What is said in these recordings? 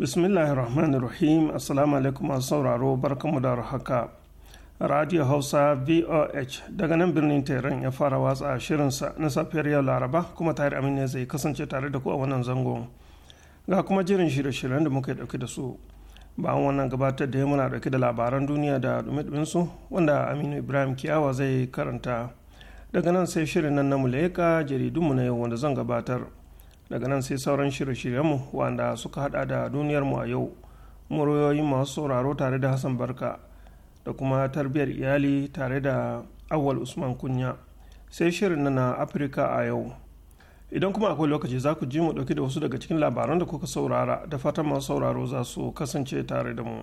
bismillahir rahmanir rahim assalamu alaikum masu sauraro barkamu da haka radio hausa voh daga nan birnin tehran ya fara watsa shirinsa na safiyar yau laraba kuma tahir amin ne zai kasance tare da ku a wannan zangon ga kuma jirin shirye-shiryen da muka dauke da su bayan wannan gabatar da ya muna dauki da labaran duniya da dumi su wanda aminu ibrahim kiyawa zai karanta daga nan sai shirin nan na jaridun jaridunmu na yau wanda zan gabatar daga nan sai sauran shirye-shiryenmu wanda suka hada da duniyarmu a yau muryoyin masu sauraro tare da hassan barka da kuma tarbiyyar iyali tare da awal usman kunya sai shirin na afirka a yau idan kuma akwai lokaci za ku ji mu dauki da wasu daga cikin labaran da kuka saurara da fatan masu sauraro za su kasance tare da mu.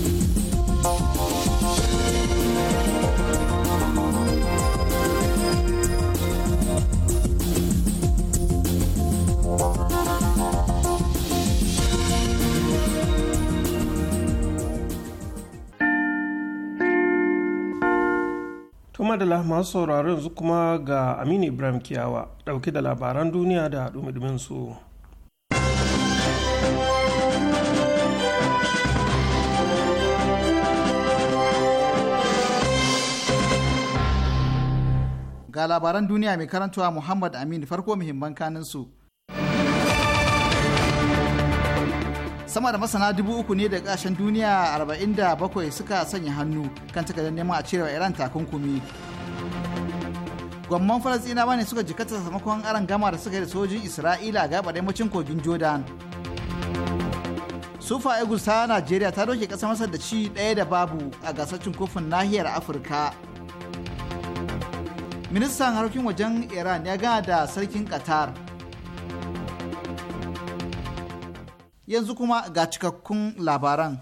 madala masu sauraron yanzu kuma ga aminu ibrahim kiyawa dauke da labaran duniya da dumidumin su. ga labaran duniya mai karantawa muhammad aminu farko muhimman kanin su sama da masana dubu uku ne da kasashen duniya 47 suka sanya hannu kan takardar neman a cirewa iran takunkumi gwamman ba ne suka jikata sakamakon aron gama da suka yi da sojin isra'ila ga yammacin kogin jordan sufa eagles ta najeriya ta doke ƙasar masar da ci ɗaya da babu a gasar cin kofin nahiyar afirka ministan harkokin wajen iran ya gana da sarkin qatar yanzu kuma ga cikakkun labaran.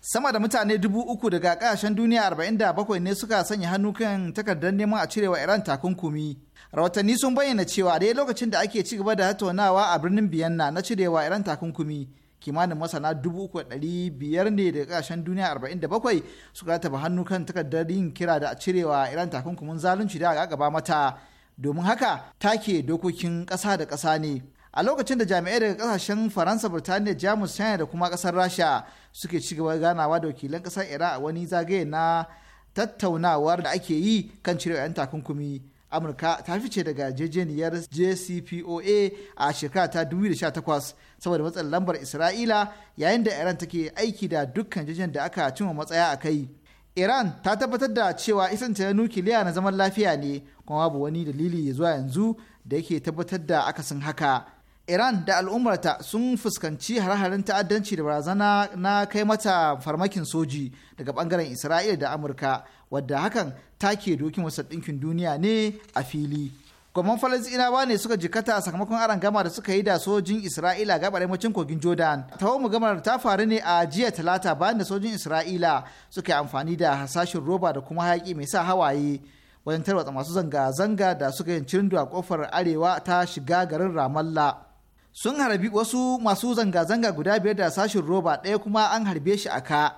Sama da mutane dubu uku daga kasashen duniya arba'in da bakwai ne suka sanya hannu kan takardar neman a cirewa Iran takunkumi. Rahotanni sun bayyana cewa dai lokacin da ake ci gaba da tattaunawa a birnin Biyanna na cirewa Iran takunkumi kimanin masana dubu uku ɗari biyar ne daga kasashen duniya arba'in da bakwai suka taba hannu kan takardar yin kira da a cirewa Iran takunkumin zalunci da gaba mata domin haka take dokokin ƙasa da ƙasa ne. a lokacin da jami'ai daga kasashen faransa birtaniya jamus china da kuma kasar rasha suke ci gaba ganawa da wakilan kasar iran a wani zagaye na tattaunawar da ake yi kan cire 'yan takunkumi amurka ta fice daga jejeniyar jcpoa a shekara ta 2018 saboda matsalar lambar isra'ila yayin da iran take aiki da dukkan jejen da aka cimma matsaya a kai iran ta tabbatar da cewa isanta na nukiliya na zaman lafiya ne kuma babu wani dalili zuwa yanzu da yake tabbatar da akasin haka iran da al'ummarta sun fuskanci hare-haren ta'addanci da barazana na kai mata farmakin soji daga bangaren isra'ila da amurka wadda hakan take dokin wasu ɗinkin duniya ne a fili gwamnan falasɗinawa ne suka jikata sakamakon aron gama da suka yi da sojin isra'ila ga yammacin kogin jordan tawo gamar ta faru ne a jiya talata bayan da sojin isra'ila suka yi amfani da hasashen roba da kuma hayaki mai sa hawaye wajen tarwatsa masu zanga-zanga da suka yin cirindu a kofar arewa ta shiga garin ramallah sun harbi wasu masu zanga-zanga guda biyar da sashin roba ɗaya kuma an harbe shi a ka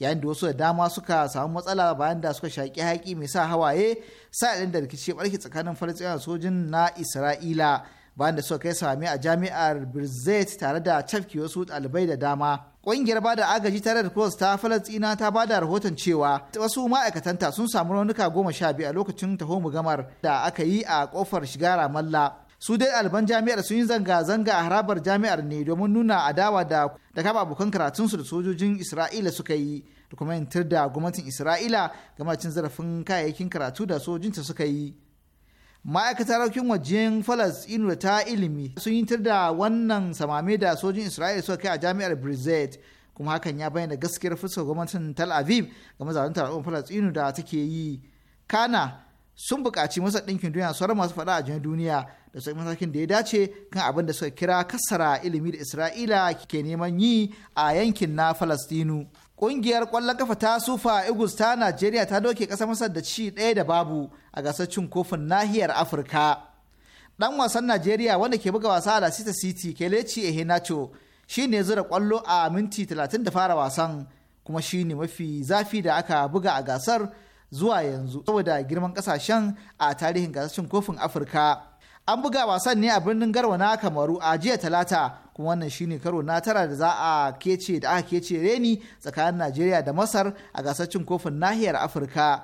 yayin da wasu da dama suka samu matsala bayan da suka shaƙi haƙi mai sa hawaye sa'ilin da rikici barki tsakanin falasɗinawa sojin na isra'ila bayan da suka kai sami a jami'ar birzeit tare da cafke wasu ɗalibai da dama ƙungiyar bada agaji tare da cross ta falastina ta bada rahoton cewa wasu ma'aikatanta sun samu raunuka goma sha biyu a lokacin taho gamar da aka yi a kofar shiga ramallah su dai alban jami'ar sun yi zanga-zanga a harabar jami'ar ne domin nuna adawa da da kaba abokan su da sojojin isra'ila suka yi da kuma yantar da gwamnatin isra'ila game cin zarafin kayayyakin karatu da sojojinta suka yi ma'aikatar harkokin wajen inu da ta ilimi sun yi da wannan samame da sojin isra'ila suka kai a jami'ar brizet kuma hakan ya bayyana gaskiyar fuskar gwamnatin tal aviv game zaben taron inu da take yi kana sun buƙaci masa ɗinkin duniya sauran masu faɗa a jin duniya da sauran matakin da ya dace kan abin da suka kira kasara ilimi da isra'ila ke neman yi a yankin na falastinu ƙungiyar ƙwallon kafa ta sufa igus ta najeriya ta doke ƙasa masar da ci ɗaya da babu a gasar cin kofin nahiyar afirka ɗan wasan najeriya wanda ke buga wasa a lasita city kelechi ehenacho shi ne zura ƙwallo a minti talatin da fara wasan kuma shi ne mafi zafi da aka buga a gasar zuwa yanzu saboda girman kasashen a tarihin gasashen kofin afirka an buga wasan ne a birnin garwa na kamaru a jiya talata kuma wannan shine karo na tara da za a kece da aka kece reni tsakanin najeriya da masar a gasashen kofin nahiyar afirka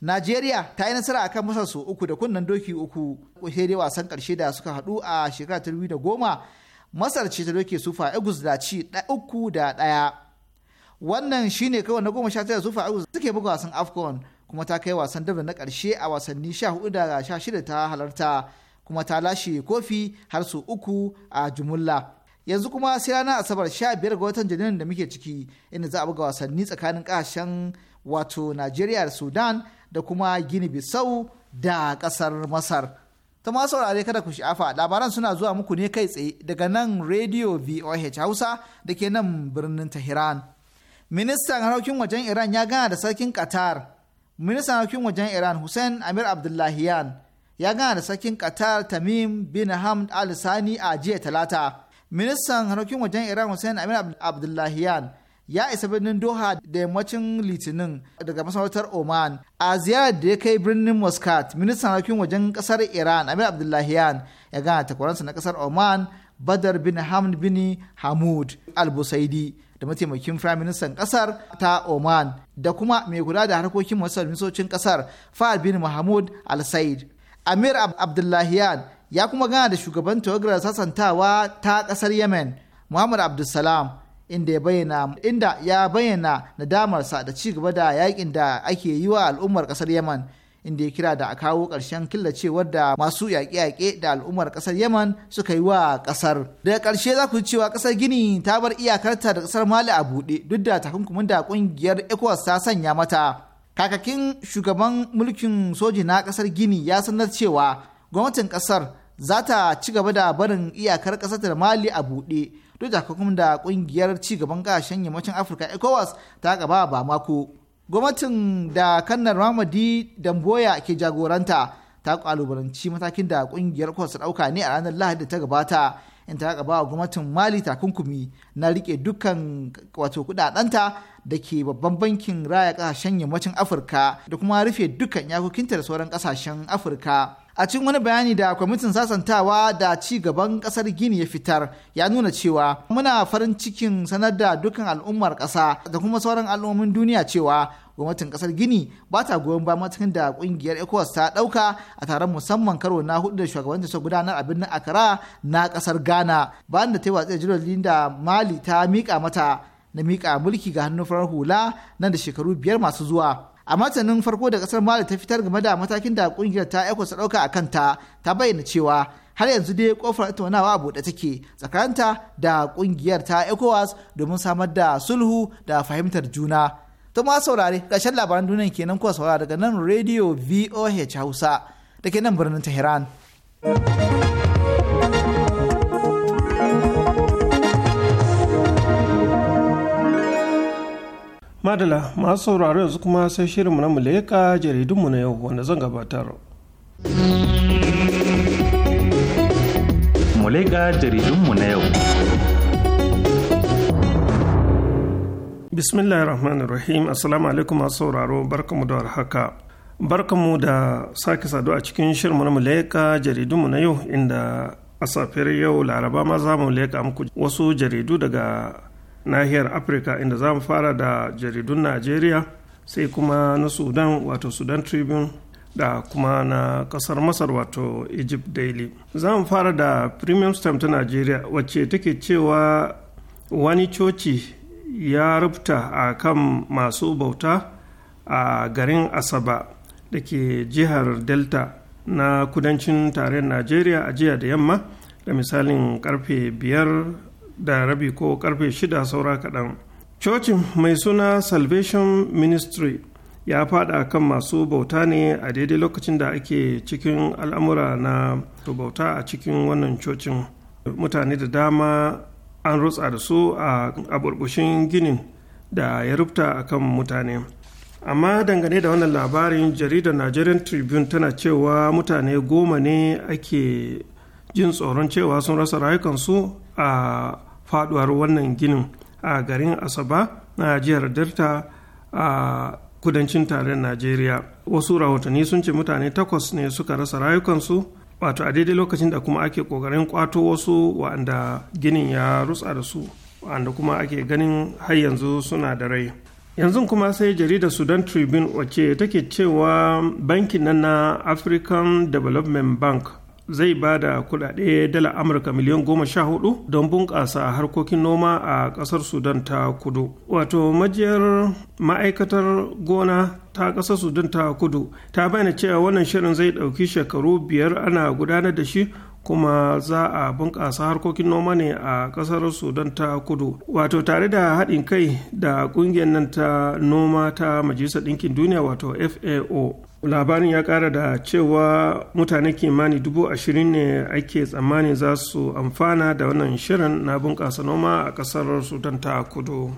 Najeriya ta yi nasara akan Masar su uku da kunnen doki uku sai dai wasan karshe da suka hadu a shekara ta goma Masar ce ta doke sufa Egus da ci uku da ɗaya. wannan shi ne kawai na goma sha tara zufa ayu suke buga wasan afcon kuma ta kai wasan dabda na karshe a wasanni sha hudu da sha shida ta halarta kuma ta lashe kofi har su uku a jumulla yanzu kuma sai ranar asabar sha biyar ga watan janairun da muke ciki inda za a buga wasanni tsakanin kasashen wato najeriya da sudan da kuma gini bisau da kasar masar ta masu saurare kada ku sha'afa labaran suna zuwa muku ne kai tsaye daga nan radio voh hausa da ke nan birnin tehran ministan harkokin wajen iran ya gana da sarkin qatar ministan harkokin wajen iran hussein amir abdullahiyan ya gana da sarkin qatar tamim bin hamd al sani a jiya talata ministan harkokin wajen iran hussein amir abdullahiyan ya isa birnin doha da yammacin litinin daga masarautar oman a ziyarar da ya kai birnin muscat ministan harkokin wajen kasar iran amir abdullahiyan ya gana takwaransa na kasar oman badar bin hamd bin hamud al-busaidi da mataimakin firaministan kasar ta Oman da kuma mai kula da harkokin masu misocin ƙasar Fahad bin Mahmud Al Said. Amir Abdullahiyan ya kuma gana da shugaban tawagar sasantawa ta kasar Yemen Muhammad Abdulsalam inda ya bayyana inda ya bayyana nadamarsa da ci gaba da yakin da ake yi wa al'ummar kasar Yemen inda ya kira da a kawo ƙarshen killacewar da masu yaƙe-yaƙe da al'ummar ƙasar yaman suka yi wa ƙasar daga ƙarshe za ku ji cewa ƙasar gini ta bar iyakarta da ƙasar mali a buɗe duk da takunkumin da ƙungiyar ecowas ta sanya mata kakakin shugaban mulkin soji na ƙasar gini ya sanar cewa gwamnatin ƙasar za ta ci gaba da barin iyakar ƙasar da mali a buɗe duk da takunkumin da ƙungiyar ci gaban ƙasashen yammacin afirka ecowas ta gaba ba mako gwamnatin da kannar Mamadi Damboya ke jagoranta ta kalubalanci matakin da kungiyar kwas dauka ne a ranar Lahadi ta gabata in ta gaba wa gwamnatin Mali takunkumi na rike dukkan wato kudadanta da ke babban bankin raya kasashen yammacin Afirka da kuma rufe dukkan yakokinta da sauran kasashen Afirka. a cikin wani bayani da kwamitin sasantawa da ci gaban kasar gini ya fitar ya nuna cewa muna farin cikin sanar da dukkan al'ummar kasa da kuma sauran al'ummomin duniya cewa gwamnatin kasar gini ba ta goyon ba matakin da kungiyar ecowas ta dauka a taron musamman karo na hudu da shugaban ta gudanar a birnin akara na kasar ghana bayan da ta yi watsi jirgin da mali ta mika mata na mika mulki ga hannun farar hula nan da shekaru biyar masu zuwa a matanin farko da kasar mali ta fitar game da matakin da kungiyar ta ecowas ɗauka a kanta ta bayyana cewa har yanzu dai kofar tattaunawa a buɗe take tsakanta da kungiyar ta ecowas domin samar da sulhu da fahimtar juna to ma saurare ƙarshen labaran duniya kenan kuwa saurara daga nan radio voh hausa take nan birnin tehran madala masu sauraro yanzu kuma sai shirinmu na muleka jaridunmu na yau wanda zan gabatar muleka jaridunmu na yau rahim assalamu alaikum masu sauraro barkamu da warhaka barkamu da sake saduwa a cikin shirinmu na muleka jaridunmu na yau inda a safiyar yau laraba ma za mu leka muku wasu jaridu daga nahiyar afirka inda za mu fara da jaridun najeriya sai kuma na sudan wato sudan tribune da kuma na kasar masar wato egypt daily za mu fara da premium stamp ta najeriya wacce take cewa wani coci ya rubuta a kan masu bauta a garin asaba da ke jihar delta na kudancin tarayyar najeriya a jiya da yamma da misalin karfe biyar da rabi ko karfe shida saura kaɗan cocin mai suna salvation ministry ya fada kan masu bauta ne a daidai lokacin da ake cikin al'amura na bauta a cikin wannan cocin mutane da dama an rutsa da su a burbushin ginin da ya rubuta a kan mutane amma dangane da wannan labarin jaridar nigerian tribune tana cewa mutane goma ne ake jin tsoron cewa sun rasa rayukansu a faduwar wannan ginin a garin asaba na jihar delta a kudancin tarin najeriya wasu rahotanni sun ce mutane takwas ne suka rasa rayukansu wato a daidai lokacin da kuma ake kokarin kwato wasu wa'anda ginin ya rutsa da su wa'anda kuma ake ganin har yanzu suna da rai yanzu kuma sai jaridar sudan tribune wacce take cewa bankin nan na african development bank zai ba da kuɗaɗe dala amurka miliyan goma sha hudu don bunƙasa harkokin noma a ƙasar sudan ta kudu wato majiyar ma'aikatar gona ta ƙasar sudan ta kudu ta bayyana cewa wannan shirin zai ɗauki shekaru biyar ana gudanar da shi kuma za a bunƙasa harkokin noma ne a ƙasar sudan ta kudu wato tare da haɗin kai da ƙungiyar nan ta noma ta majalisar ɗinkin duniya wato fao labarin ya kara da cewa mutane kimani dubu ashirin ne ake tsammani za su amfana da wannan shirin na bunƙasa noma a ƙasar sudan ta kudu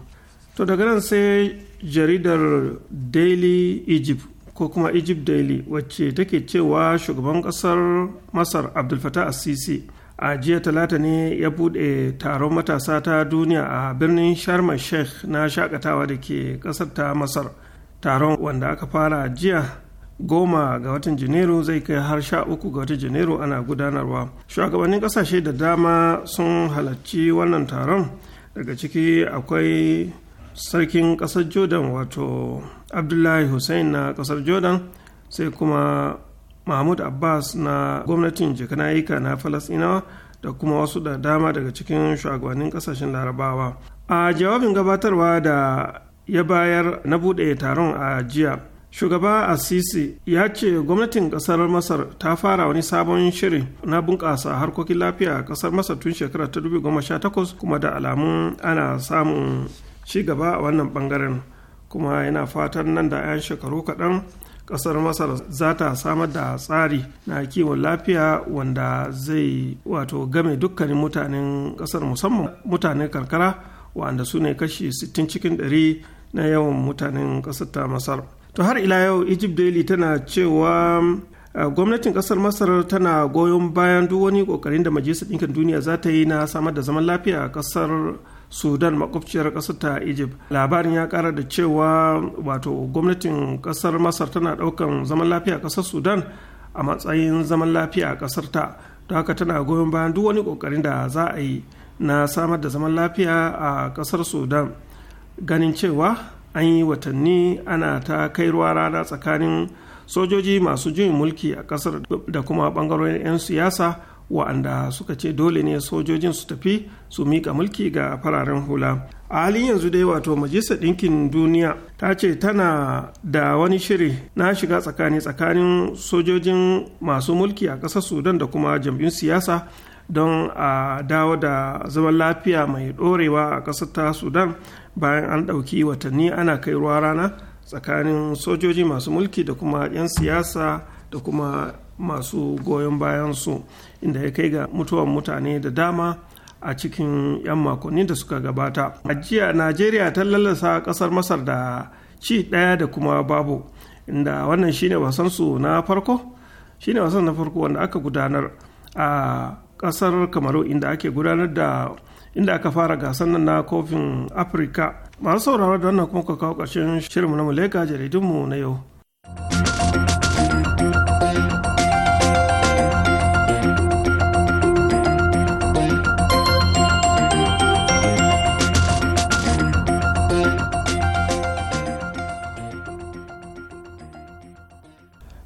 to daga nan sai jaridar daily egypt ko kuma egypt daily wacce take cewa shugaban ƙasar masar abdulfatah assisi a jiya talata ne ya buɗe taron matasa ta duniya a birnin sharma sheikh na shakatawa da ke ƙasar ta masar taron wanda aka fara jiya goma ga watan janairu zai kai har sha uku ga watan janairu ana gudanarwa shugabannin kasashe da dama sun halarci wannan taron daga ciki akwai sarkin kasar jordan wato abdullahi Hussain na kasar jordan sai kuma mahmud abbas na gwamnatin jikanayika na falasinawa da kuma wasu da dama daga cikin shugabannin kasashen larabawa a jawabin gabatarwa da ya bayar na buɗe taron a jiya shugaba asisi ya ce gwamnatin kasar masar ta fara wani sabon shirin na bunƙasa harkokin lafiya a kasar masar tun shekara ta 2018 kuma da alamun ana samun ci gaba a wannan bangaren kuma yana fatan nan da 'yan shekaru kaɗan kasar masar za ta samar da tsari na kiwon lafiya wanda zai wato game dukkanin mutanen kasar musamman mutanen karkara wanda su ne kashi 60 cikin 100 na yawan mutanen kasar ta masar to har ila yau egypt daily tana cewa ah, gwamnatin kasar masar tana goyon bayan duk wani kokarin da majalisar ɗinkin duniya za ta yi na samar da zaman lafiya a kasar sudan makwabciyar kasar ta egypt labarin ya kara da cewa wato gwamnatin kasar masar tana ɗaukan zaman lafiya a kasar sudan a matsayin zaman lafiya a kasar ta don haka tana goyon bayan duk wani kokarin da za a yi na samar da zaman lafiya a kasar sudan ganin cewa an yi watanni ana ta kai ruwa rana tsakanin sojoji masu juyin mulki a kasar da kuma bangarorin 'yan siyasa wa'anda suka ce dole ne sojojin su tafi su mika mulki ga fararen hula a halin yanzu dai wato majalisar ɗinkin duniya ta ce tana da wani shiri na shiga tsakani tsakanin sojojin masu mulki a ƙasar sudan da kuma jam'in siyasa don a dawo da zaman lafiya mai ɗorewa a ƙasar ta sudan bayan an ɗauki watanni ana kai ruwa rana tsakanin sojoji masu mulki da kuma 'yan siyasa da kuma masu goyon bayan su inda ya kai ga mutuwan mutane da dama a cikin 'yan makonni da suka gabata a jiya najeriya ta lallasa kasar masar da ci ɗaya da kuma babu inda wannan shine su na farko shine wasan na farko wanda aka gudanar a kasar kamaru inda ake gudanar da inda aka fara gasar nan na kofin afirka masu sauraro da wannan kuma kawo ƙarshen shirinmu na muleka jaridunmu na yau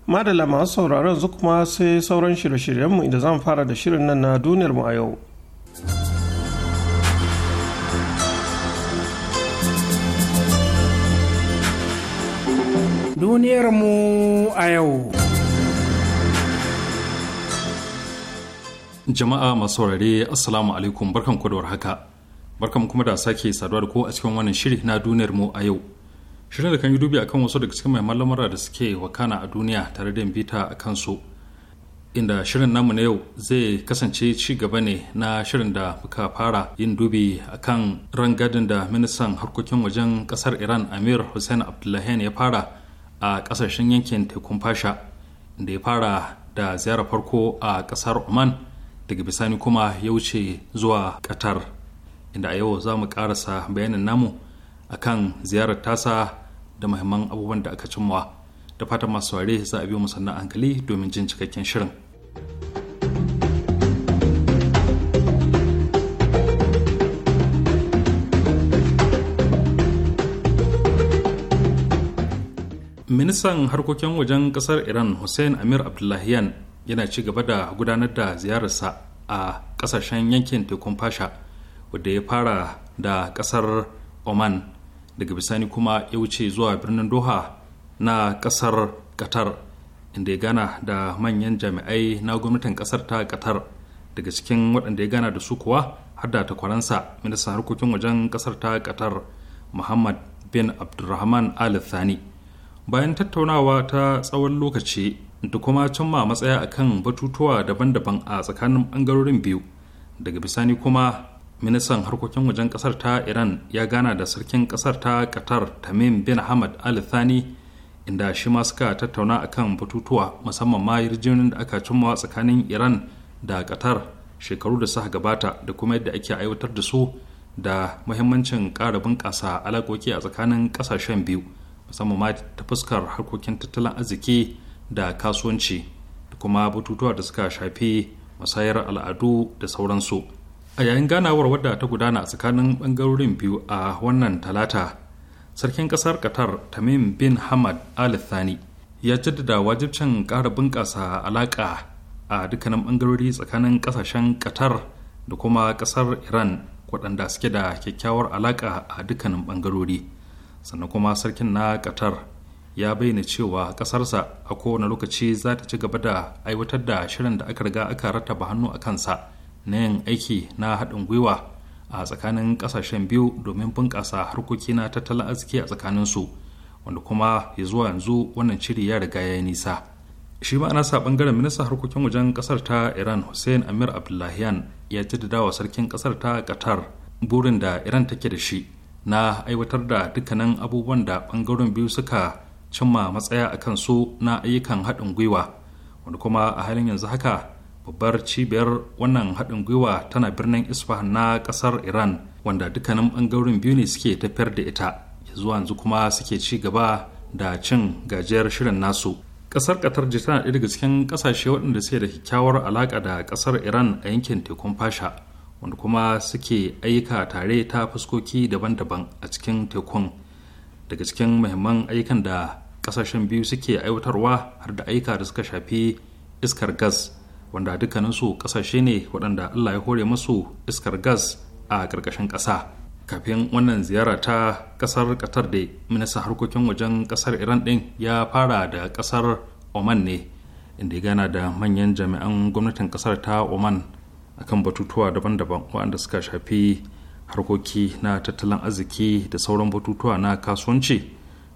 madala masu sauraron su kuma sai sauran shirye-shiryenmu inda zan fara da shirin nan na duniyarmu a yau duniyar mu a yau. Jama'a masu saurare Assalamu alaikum barkan ku da warhaka. Barkan kuma da sake saduwa da ku a cikin wannan shiri na duniyar mu a yau. Shirin da kan yi dubi akan wasu daga cikin mai lamura da suke wakana a duniya tare da bita a kansu. Inda shirin namu na yau zai kasance ci gaba ne na shirin da muka fara yin dubi akan rangadin da ministan harkokin wajen kasar Iran Amir Hussein Abdullahian ya fara a kasashen yankin tekun fasha da ya fara da ziyarar farko a kasar oman daga bisani kuma ya wuce zuwa qatar inda a yau za mu karasa bayanin namu a kan ziyarar tasa da mahimman abubuwan da aka cimma da fata masu ware za a biyo musanna hankali domin jin cikakken shirin. ministan harkokin wajen kasar iran hussein amir abdullahian yana ci gaba da gudanar da ziyararsa a kasashen yankin tekun fasha wadda ya fara da kasar oman daga bisani kuma ya wuce zuwa birnin doha na kasar qatar inda ya gana da manyan jami'ai na gwamnatin kasar ta qatar daga cikin waɗanda ya gana da su kuwa har da takwaransa ministan harkokin wajen kasar ta qatar muhammad bin abdulrahman al thani bayan tattaunawa ta tsawon lokaci da kuma cimma matsaya a kan batutuwa daban-daban a tsakanin bangarorin biyu daga bisani kuma ministan harkokin wajen ƙasar ta iran ya gana da sarkin ƙasar ta qatar tamim bin hamad al thani inda shi ma suka tattauna a kan batutuwa musamman ma yarjejenin da aka cimma tsakanin iran da qatar shekaru da suka gabata da kuma yadda ake aiwatar da su da muhimmancin ƙara bunƙasa alaƙoƙi a tsakanin ƙasashen biyu musamman ma ta fuskar harkokin tattalin arziki da kasuwanci da kuma batutuwa da suka shafi masayar al'adu da sauransu a yayin ganawar wadda ta gudana a tsakanin bangarorin biyu a wannan talata sarkin kasar qatar tamim bin hamad al thani ya jaddada wajibcin ƙara bunƙasa alaƙa a dukkanin bangarori tsakanin ƙasashen qatar da kuma ƙasar iran waɗanda suke da kyakkyawar alaƙa a dukkanin bangarori sannan kuma sarkin na katar ya bayyana cewa kasarsa a kowane lokaci za ta ci gaba da aiwatar da shirin da aka riga aka rattaba hannu a kansa na yin aiki na haɗin gwiwa a tsakanin ƙasashen biyu domin bunƙasa harkoki na tattalin arziki a tsakanin su wanda kuma ya zuwa yanzu wannan shiri ya riga ya yi nisa shi ma sa bangaren ministan harkokin wajen ƙasar ta iran hussein amir abdullahian ya jaddada wa sarkin ƙasar ta qatar burin da iran take da shi na aiwatar da dukkanin abubuwan da bangaren biyu suka cimma matsaya a kan su na ayyukan haɗin gwiwa wanda kuma a halin yanzu haka babbar cibiyar wannan haɗin gwiwa tana birnin isfahan na ƙasar iran wanda dukkanin bangaren biyu ne suke tafiyar da ita zuwa yanzu kuma suke ci gaba da cin gajiyar shirin nasu ƙasar qatar tana ɗaya daga cikin ƙasashe waɗanda suke da kyakkyawar alaƙa da ƙasar iran a yankin tekun fasha wanda kuma suke aika tare ta fuskoki daban-daban a cikin tekun daga cikin muhimman ayyukan da kasashen biyu suke aiwatarwa har da aika da suka shafi iskar gas wanda dukkaninsu kasashe ne waɗanda allah ya hore masu iskar gas a ƙarƙashin ƙasa kafin wannan ziyara ta ƙasar qatar da minista harkokin wajen ƙasar iran ɗin ya fara da ƙasar oman ne inda ya gana da manyan jami'an gwamnatin ƙasar ta oman akan batutuwa daban-daban waɗanda suka shafi harkoki na tattalin arziki da sauran batutuwa na kasuwanci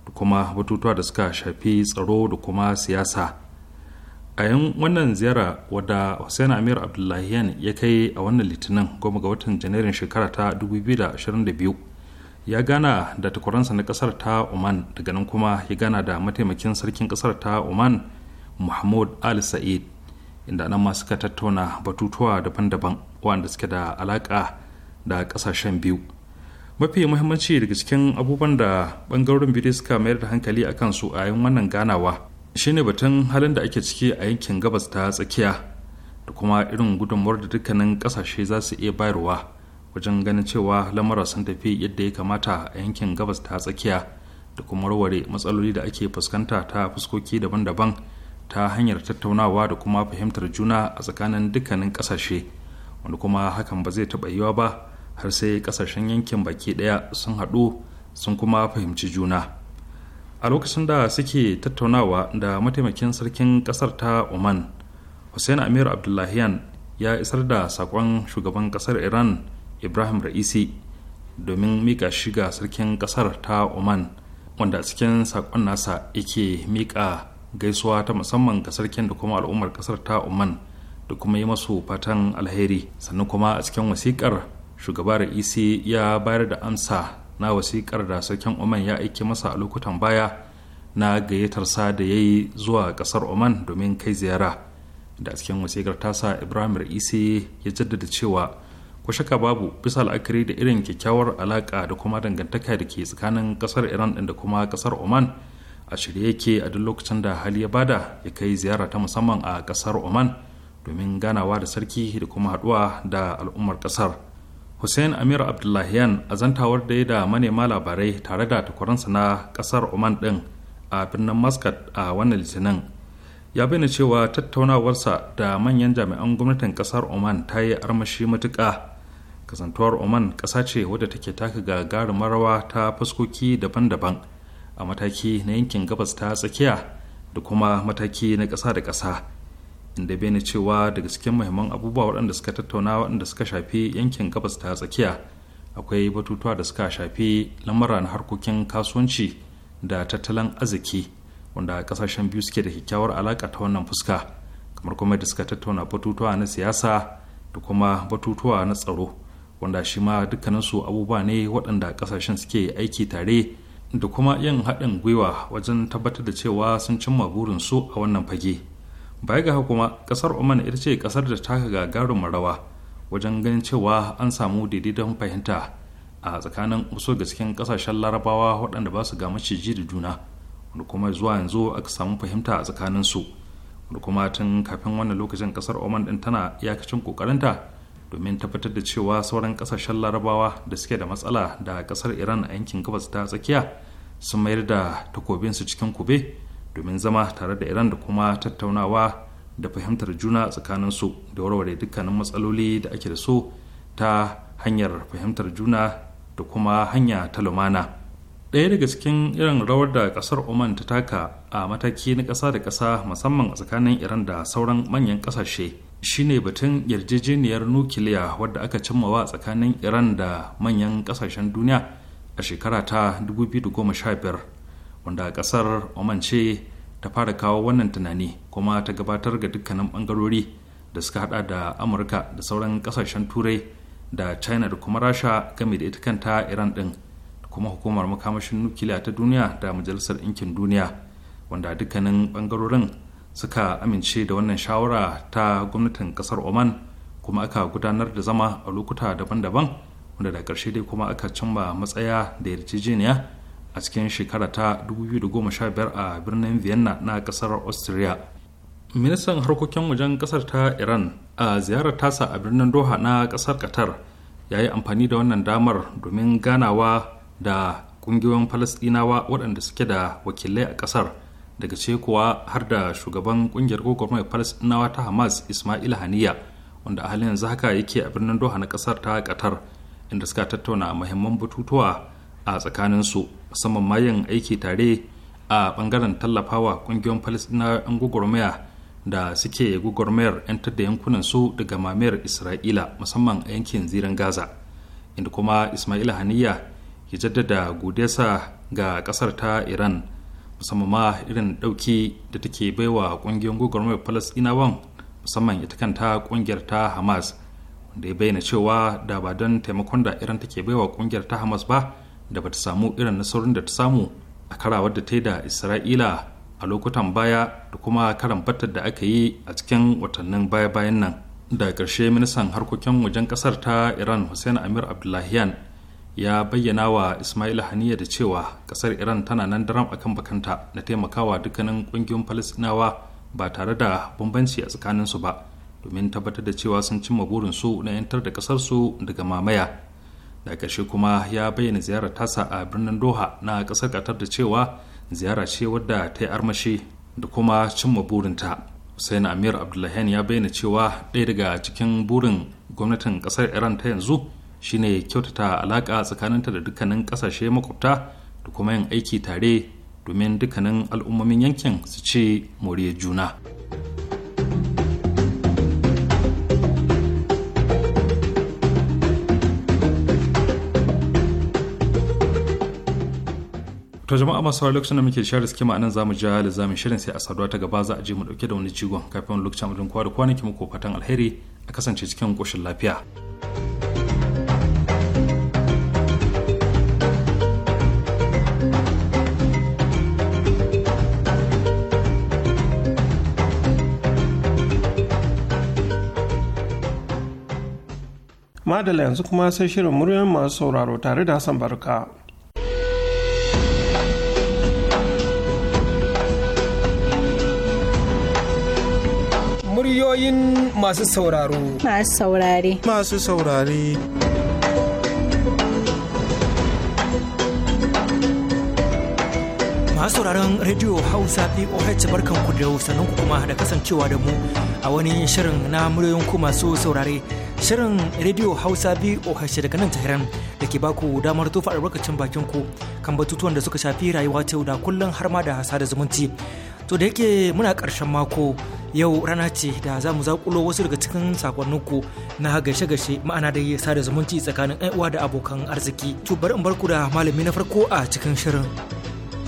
da kuma batutuwa da suka shafi tsaro da kuma siyasa a yan wannan ziyara wadda hussein amir abdullahiyan ya kai a wannan litinin goma ga watan janairun shekara ta 2022 ya gana da takwaransa na kasar ta oman daga nan kuma ya gana da mataimakin sarkin kasar ta oman muhammad al sa'id inda nan ma suka tattauna batutuwa daban-daban wanda suke da alaƙa da ƙasashen biyu mafi muhimmanci daga cikin abubuwan da ɓangarorin biyu suka mayar da hankali a kansu a yin wannan ganawa shine batun halin da ake ciki a yankin gabas ta tsakiya da kuma irin gudunmuwar da dukkanin kasashe za su iya bayarwa wajen ganin cewa lamura sun tafi yadda ya kamata a yankin gabas ta tsakiya da kuma warware matsaloli da ake fuskanta ta fuskoki daban-daban ta hanyar tattaunawa da kuma fahimtar juna a tsakanin dukkanin kasashe wanda kuma hakan ba zai taɓa yiwa ba har sai ƙasashen yankin baki ɗaya sun haɗu sun kuma fahimci juna a lokacin da suke tattaunawa da mataimakin sarkin ƙasar ta oman hussein amir abdullahian ya isar da saƙon shugaban ƙasar iran ibrahim ra'isi domin mika shiga sarkin ƙasar ta oman wanda cikin saƙon nasa yake mika gaisuwa ta musamman ga sarkin da kuma al'ummar kasar ta oman da kuma yi masu fatan alheri sannan kuma a cikin wasikar shugaba isi ya bayar da amsa na wasiƙar da sarkin oman ya aike masa a lokutan baya na gayyatar sa da ya yi zuwa ƙasar oman domin kai ziyara da cikin wasikar tasa ibrahim isi ya jaddada cewa ko shaka babu bisa la'akari da irin kyakkyawar alaƙa da kuma dangantaka da ke tsakanin ƙasar iran da kuma ƙasar oman a shirye yake a duk lokacin da hali ya bada ya kai ziyara ta musamman a kasar oman domin ganawa da sarki da kuma haduwa da al'ummar kasar hussein amir abdullahiyan a zantawar da ya da manema labarai tare da takwaransa na kasar oman din a birnin muscat a wannan litinin ya bayyana cewa tattaunawarsa da manyan jami'an gwamnatin kasar oman ta yi armashi matuka kasantuwar oman ƙasa ce wadda take taka gagarumar rawa ta fuskoki daban-daban a mataki na yankin gabas ta tsakiya da kuma mataki na ƙasa da ƙasa inda bene cewa daga cikin muhimman abubuwa waɗanda suka tattauna waɗanda suka shafi yankin gabas ta tsakiya akwai batutuwa da suka shafi lamura na harkokin kasuwanci da tattalin arziki wanda ƙasashen biyu suke da kyakkyawar alaƙa ta wannan fuska kamar kuma da suka tattauna batutuwa na siyasa da kuma batutuwa na tsaro wanda shi ma dukkaninsu abubuwa ne waɗanda ƙasashen suke aiki tare da kuma yin haɗin gwiwa wajen tabbatar da cewa sun cimma burinsu a wannan fage baya ga kuma ƙasar oman ita ce ƙasar da ta gagarumin rawa wajen ganin cewa an samu daidaiton fahimta a tsakanin wasu ga cikin ƙasashen larabawa waɗanda ba su ga maciji da juna wanda kuma zuwa yanzu aka samu fahimta a tsakaninsu wanda kuma tun kafin wannan lokacin ƙasar oman ɗin tana iyakacin ƙoƙarinta domin tabbatar da cewa sauran kasashen larabawa da suke da matsala da kasar iran a yankin gabas ta tsakiya sun mayar da takobinsu cikin kube domin zama tare da iran da kuma tattaunawa da fahimtar juna tsakanin su da warware dukkanin matsaloli da ake da su ta hanyar fahimtar juna da kuma hanya ta lumana ɗaya daga cikin irin rawar da ƙasar oman ta taka a mataki na ƙasa da ƙasa musamman a tsakanin iran da sauran manyan ƙasashe shine batun yarjejeniyar nukiliya wadda aka cimma wa tsakanin iran da manyan kasashen duniya a shekara ta 2015 wanda kasar oman ce ta fara kawo wannan tunani kuma ta gabatar ga dukkanin bangarori da suka hada da amurka da sauran kasashen turai da china da kuma rasha game da ita kanta iran din da kuma hukumar makamashin nukiliya ta duniya da majalisar ɗinkin duniya wanda dukkanin bangarorin suka amince da wannan shawara ta gwamnatin kasar oman kuma aka gudanar da zama a lokuta daban-daban wanda da ƙarshe dai kuma aka cimma matsaya da yarjejeniya a cikin shekara ta 2015 a birnin vienna na kasar austria ministan harkokin wajen kasar ta iran a ziyarar tasa a birnin doha na kasar qatar ya yi amfani da wannan damar domin ganawa da kungiyoyin falasdinawa waɗanda suke da wakilai a kasar daga ce kuwa har da shugaban kungiyar gwagwarmayar nawa ta hamas ismail haniya wanda a halin yanzu haka yake a birnin doha na kasar ta qatar inda suka tattauna mahimman batutuwa a tsakaninsu musamman ma yin aiki tare a bangaren tallafawa kungiyoyin na yan gwagwarmaya da suke gwagwarmayar 'yantar da yankunan su daga mamayar isra'ila musamman a yankin ziren gaza inda kuma ismail haniya ya jaddada godesa ga kasar ta iran musamman ma irin ɗauki da take baiwa ƙungiyar gwagwarmayar inawan musamman ita kanta ƙungiyar ta hamas da ya bayyana cewa da ba don taimakon da iran take baiwa ƙungiyar ta hamas ba da bata samu irin nasarorin da ta samu a karawar da ta yi da isra'ila a lokutan baya da kuma karan batar da aka yi a cikin watannin baya-bayan nan da ƙarshe ministan harkokin wajen ƙasar ta iran hussein amir abdullahian ya bayyana wa ismail haniya da cewa kasar iran tana nan daram akan bakanta na taimakawa dukkanin kungiyoyin falasinawa ba tare da bambanci a tsakaninsu ba domin tabbatar da cewa sun cimma burinsu na 'yantar da kasarsu daga mamaya da ƙarshe kuma ya bayyana ziyarar tasa a birnin doha na kasar katar da cewa ziyara ce wadda ta yi armashi da kuma cimma burinta hussein amir abdullahian ya bayyana cewa ɗaya daga cikin burin gwamnatin ƙasar iran ta yanzu shine kyautata alaƙa tsakaninta da dukkanin ƙasashe makwabta da kuma yin aiki tare domin dukkanin al'ummomin yankin su ce more juna. to jama'a masu sauraro lokacin da muke share suke ma'anan zamu ja lizamin shirin sai a saduwa ta gaba za a je mu dauke da wani jigon kafin lokacin mu don kwa da kwanaki muku fatan alheri a kasance cikin koshin lafiya. madala yanzu kuma sai shirin muryar masu sauraro tare da hassan barka muryoyin masu sauraro masu saurare masu saurare masu sauraron rediyo hausa barkan barkanku da sannan kuma da kasancewa da mu a wani shirin na muryoyin ku masu saurare Shirin Radio Hausa bi VOH daga nan Tehran da ke baku damar tufa albarkacin bakin ku kan batutuwan da suka shafi rayuwa ta yau da kullum har ma da sada zumunci. To da yake muna karshen mako yau rana ce da za mu zaƙulo wasu daga cikin sakonninku na gashe-gashe ma'ana da sada zumunci tsakanin uwa da abokan arziki. To bari in barku da malami na farko a cikin shirin.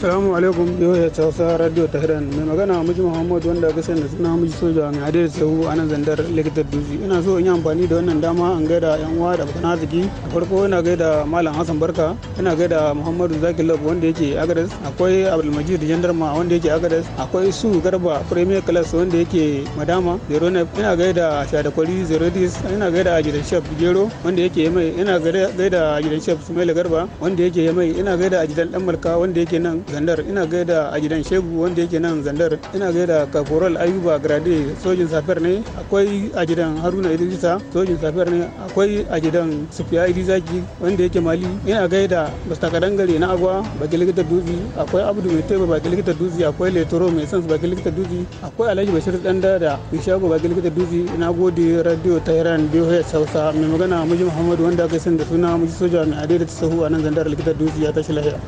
Salamu alaikum yau ya tausa radio Tehran mai magana miji Muhammadu wanda ga sanda suna miji soja mai hadar sahu a nan zandar likitar duzi ina so in yi amfani da wannan dama an gaida yan uwa da abokan arziki farko ina gaida malam Hassan Barka ina gaida Muhammadu Zaki Lab wanda yake Agadas akwai Abdulmajid Jandarma wanda yake Agadas akwai Su Garba Premier Class wanda yake Madama Zero Nef ina gaida Shadakwari Zero Dis ina gaida ajidan shef Gero wanda yake mai ina gaida ajidan shef Sumaila Garba wanda yake mai ina gaida ajidan Dan Malka wanda yake nan zandar ina gaida a gidan shegu wanda yake nan zandar ina gaida kakoral ayuba grade sojin safiyar ne akwai a gidan haruna idrisa sojin safiyar ne akwai a gidan sufiya idrisaki wanda yake mali ina gaida basta kadangare na agwa baki likita duzi akwai abdu mai teba baki likita dutse akwai letoro mai sans baki likita dutse akwai alhaji bashir dan dada ishago baki likita duzi ina gode radio tehran biyu ya sausa mai magana muji muhammadu wanda aka sanda da suna muji soja mai adaidata da sahu a nan zandar likita duzi ya tashi lahiya.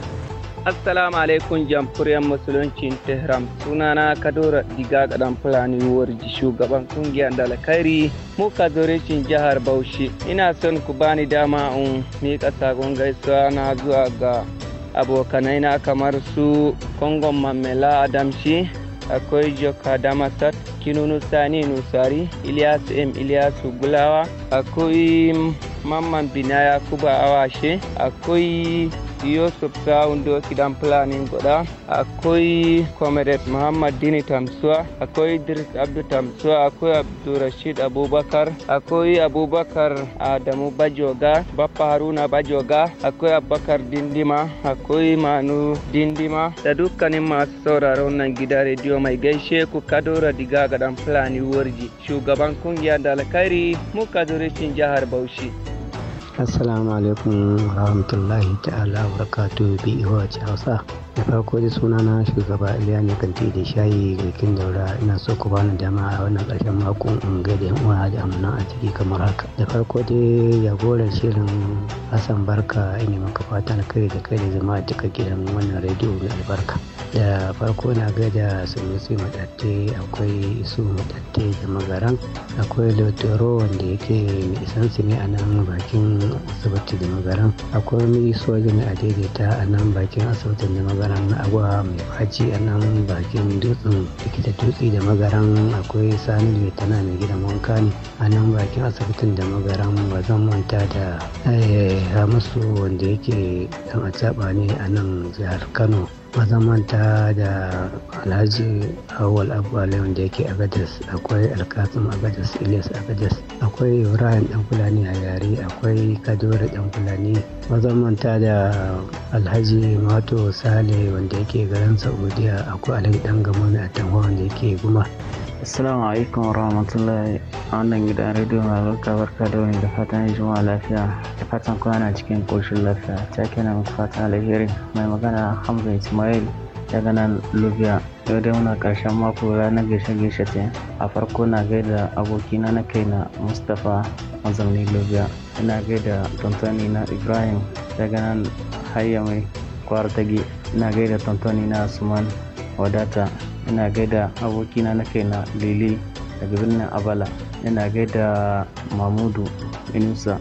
Assalamu alaikum jamhuriyar musuluncin Tehran sunana Kadura Diga Kadan Fulani Warji shugaban kungiyar Dalakari muka zorecin jihar Bauchi ina son ku bani dama in miƙa sakon gaisuwa na zuwa ga abokanai na kamar su Kongon Mamela Adamshi akwai Joka Damasat Kinunu Sani Nusari Ilyasu M Ilyasu Gulawa akwai Mamman Binaya Kuba Awashe akwai yo subta undo kidan planning goda akwai comrade muhammad dini tamsuwa akwai idris abdu tamsuwa akwai abdurashid abubakar akwai abubakar adamu bajoga bappa haruna bajoga akwai abubakar dindima akwai manu dindima da dukkanin masu sauraron nan gida rediyo mai gaishe ku kadora diga gadan fulani warji shugaban kungiyar da alkhairi mu kaduricin jihar bauchi assalamu alaikum rahmatullahi ta'ala wa barakatuhu bi e hausa da farko da suna shugaba iliya ne kanti da shayi kin daura ina so ku bani dama a wannan karshen makon in ga da uwa da amana a ciki kamar haka da farko dai jagoran shirin hassan barka ina maka fatan kai da kai da zama a duka gidan wannan rediyo mai albarka da farko na ga da sai matatte akwai isu matatte da magaran akwai lotero wanda yake mai su ne a nan bakin asibiti da magaran akwai mai soja a daidaita a nan bakin asibitin da magaran magaran agwa mai faci a nan bakin dutsen likita dutse da magaran akwai sani mai tana mai gidan wanka ne a nan bakin asibitin da magaran ba zan manta da eh, hamisu wanda yake dan a ne a nan jihar kano mazamanta da alhaji awal abu wanda da yake agadas akwai alkasim agadas ilyas agadas akwai ibrahim dan fulani a yare akwai kadura dan fulani mazamanta da alhaji mato sale wanda yake garin saudiya akwai alhaji dan gamoni a tanwa wanda yake guma Assalamu alaikum warahmatullahi wannan gidan rediyo mai albarka barka da wani da fatan juma'a lafiya da fatan kwana cikin koshin lafiya ta kenan muku fatan alheri mai magana hamza ismail daga gana lubiya yau dai muna karshen mako ranar gaishe gaishe ta a farko na gaida abokina na kaina mustapha mazaunin lubiya ina gaida tantani na ibrahim daga nan hayya mai kwartage ina gaida tantoni na suman wadata ina gaida abokina na kaina lele daga birnin abala ina gaida mamudu inusa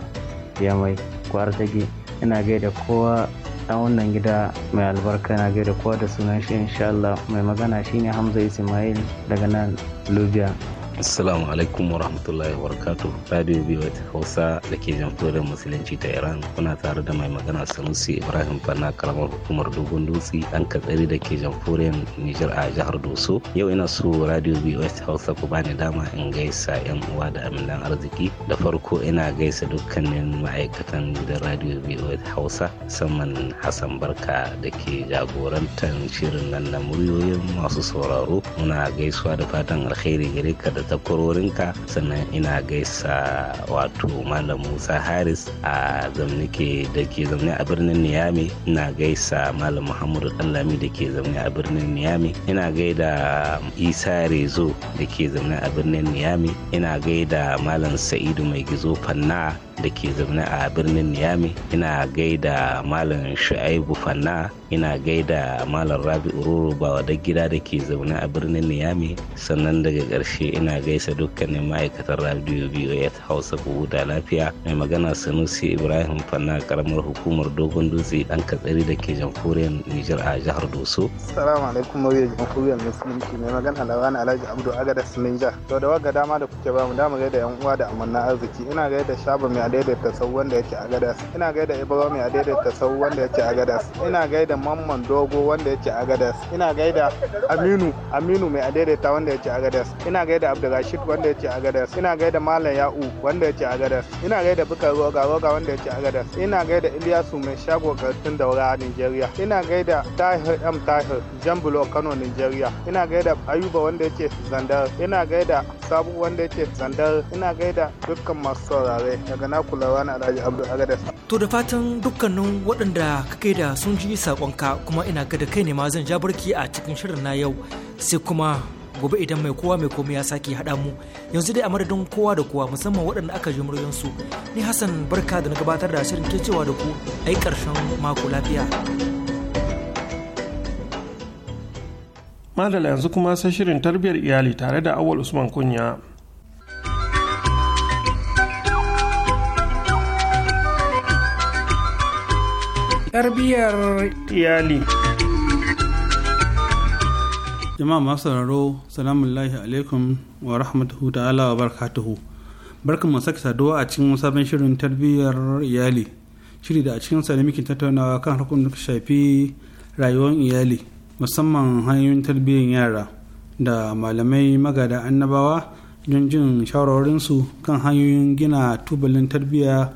ya mai kwar tage ina gaida kowa a wannan gida mai albarka na gaida kowa da sunan shi insha mai magana shine Hamza Ismail daga nan Libya Assalamu alaikum wa rahmatullahi wa barakatu. Radio BYT Hausa da ke jamfurin Musulunci ta Iran kuna tare da mai magana Sanusi Ibrahim Fanna karamar hukumar Dogon Dutse an katsari da ke jamfurin Nijar a jihar Doso. Yau ina so Radio BYT Hausa ku bani dama in gaisa yan uwa da aminan arziki. Da farko ina gaisa dukkanin ma'aikatan da Radio BYT Hausa musamman Hassan Barka da ke jagorantar shirin nan na muryoyin masu sauraro. Muna gaisuwa da fatan alheri gare ka da da takwarorinka sannan ina gaisa wato malam musa haris a zamnike da ke zaune a birnin niyami ina gaisa malam muhammadu dallami da ke zaune a birnin niyami ina gaida isa rezo da ke zaune a birnin niyami ina gaida malam sa'idu mai gizo fanna da ke zaune a birnin Niyami ina gaida Malam Shu'aibu Fanna ina gaida Malam Rabi Ururu da gida da ke zaune a birnin Niyami sannan daga ƙarshe ina gaisa dukkanin ma'aikatan Radio ta Hausa ku da lafiya mai magana Sanusi Ibrahim Fanna karamar hukumar Dogon Dutse dan katsari da ke jamhuriyar Nijar a jihar Doso. salamu alaikum mawuyar jamhuriyar Musulunci mai magana Lawan Alhaji Abdu Agada Sinija. Sau da waga dama da kuke ba mu dama gaida yan uwa da amanna arziki ina gaida Shaba mai mai adaidaita sau wanda yake a gadas ina gaida ibrahim mai adaidaita sau wanda yake a gadas ina gaida mamman dogo wanda yake a gadas ina gaida aminu aminu mai adaidaita wanda yake a gadas ina gaida abdurrashid wanda yake a gadas ina gaida malam ya'u wanda yake a gadas ina gaida bukar roga roga wanda yake a gadas ina gaida iliyasu mai shago kartun daura a nigeria ina gaida tahir m tahir jambulo kano nigeria ina gaida ayuba wanda yake zandar ina gaida sabu wanda yake zandar ina gaida dukkan masu saurare daga na kulawa na Alhaji Abdul Agadas. To da fatan dukkanin waɗanda kai da sun ji saƙonka kuma ina ga da kai ne ma zan ja barki a cikin shirin na yau sai kuma gobe idan mai kowa mai komai ya sake haɗa mu yanzu dai a madadin kowa da kowa musamman waɗanda aka ji su ni Hassan barka da na gabatar da shirin ke cewa da ku ai ƙarshen mako lafiya. Madala yanzu kuma sai shirin tarbiyyar iyali tare da Awal Usman Kunya. tarbiyyar iyali jama'a masu sauraro salamun lahi alaikum wa rahmatuhu ta'ala wa barakatuhu barkan mu sake saduwa a cikin sabon shirin tarbiyyar iyali shiri da a cikin sa tattaunawa kan harkokin da shafi rayuwar iyali musamman hanyoyin tarbiyyar yara da malamai magada annabawa don jin su kan hanyoyin gina tubalin tarbiyya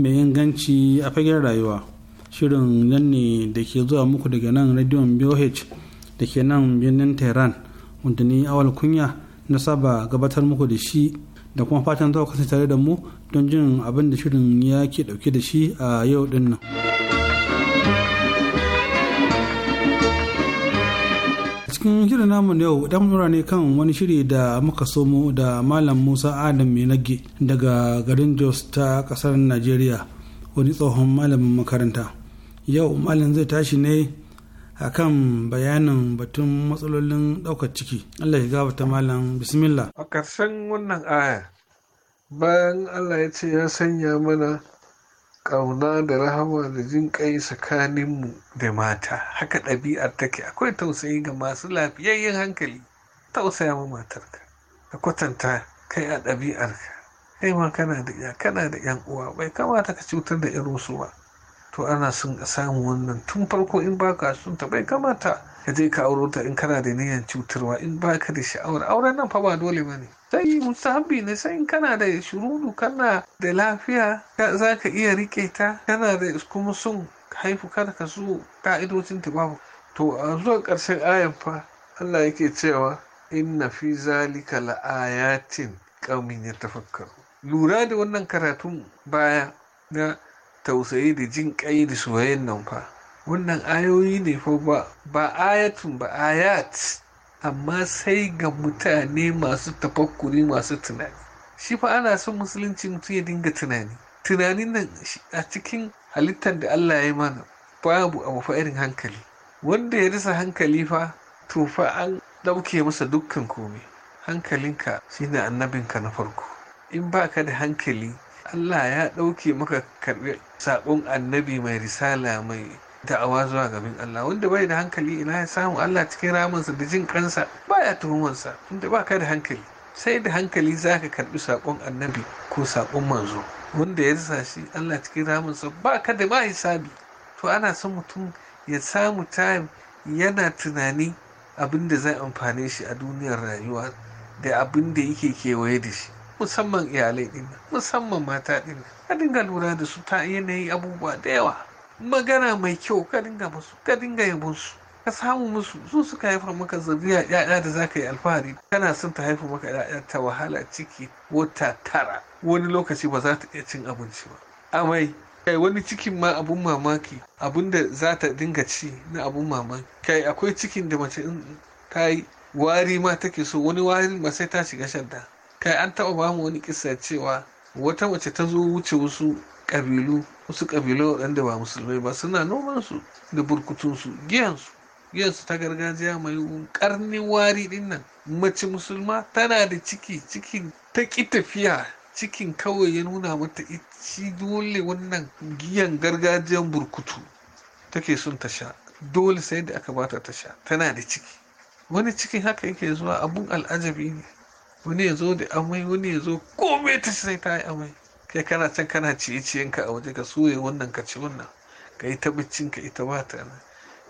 mai inganci a fagen rayuwa shirin nan ne da ke zuwa muku daga nan radion boh da ke nan birnin tehran wanda ni awal kunya na saba gabatar muku da shi da kuma fatan zuwa kasance tare da mu don jin abin da shirin ya ke dauke da shi a yau din nan cikin shirin namu na yau dan mura ne kan wani shiri da muka somo da malam musa adam mai nage daga garin jos ta kasar najeriya wani tsohon malamin makaranta yau malin zai tashi ne a kan bayanin batun matsalolin ɗaukar ciki allah ya gabata malam bismillah a ƙarshen wannan aya bayan allah ya ce ya sanya mana ƙauna da rahama da jin ƙai tsakaninmu da mata haka ɗabi'ar take akwai tausayi ga masu lafiyayyen hankali tausaya ma matarka ka kwatanta kai a ɗabi'arka kai ma kana da ya kana da yan uwa bai kamata ka cutar da irin su ba to ana son a samu wannan tun farko in baka son ta bai kamata ka je ka auro ta in kana da niyyar cutarwa in baka da sha'awar auren nan fa ba dole ba ne sai mustahabbi ne sai in kana da shurudu kana da lafiya za ka iya rike ta kana da kuma sun haifu kada ka su ka'idocin ta babu to a zuwa ƙarshen ayan fa Allah yake cewa inna fi zalika la'ayatin qaumin yatafakkaru lura da wannan karatun baya na tausayi da jin kai da soyayyen nan fa wannan ayoyi ne fa ba ba ayatun ba ayat amma sai ga mutane masu tafakkuri masu tunani shi fa ana son musulunci mutum ya dinga tunani tunanin nan a cikin halittar da Allah ya yi mana babu abu fa irin hankali wanda ya rasa hankali fa to fa an ɗauke masa dukkan komai hankalinka shine annabinka na farko in ba ka da hankali Allah ya ɗauke maka karɓi saƙon annabi mai risala mai da'awa zuwa gaban Allah wanda bai da hankali ina ya samu Allah cikin ramansa da jin kansa baya tuhumansa inda ba ka da hankali sai da hankali za ka karɓi saƙon annabi ko saƙon manzo wanda ya rasa shi Allah cikin ramansa ba ka da ma hisabi to ana son mutum ya samu time yana tunani abin da zai amfane shi a duniyar rayuwa da abin da yake kewaye da shi musamman iyalai din musamman mata din ka dinga lura da su ta yanayi abubuwa da yawa magana mai kyau ka dinga musu ka dinga yabon su ka samu musu su suka haifa maka zuriya ya'ya da zaka yi alfahari kana son ta haifa maka ya'ya ta wahala ciki wata tara wani lokaci ba za ta iya cin abinci ba amai kai wani cikin ma abun mamaki abun da za ta dinga ci na abun mamaki kai akwai cikin da mace ta yi wari ma take so wani wari ma sai ta shiga shadda kai an taɓa ba wani kisa cewa wata mace ta zo wuce wasu ƙabilu wasu ƙabilu waɗanda ba musulmai ba suna nomansu da burkutunsu giyansu giyansu ta gargajiya mai ƙarni wari ɗin nan mace musulma tana da ciki cikin ta ƙi tafiya cikin kawai ya nuna mata ici dole wannan giyan gargajiyan burkutu take son ta sha dole sai da aka bata ta sha tana da ciki wani cikin haka yake zuwa abun al'ajabi ne wani ya zo da amai wani ya zo komai ta sai ta yi amai kai kana can kana ciye ka a waje ka soya wannan ka ci wannan ka yi ta ka ita ba ta nan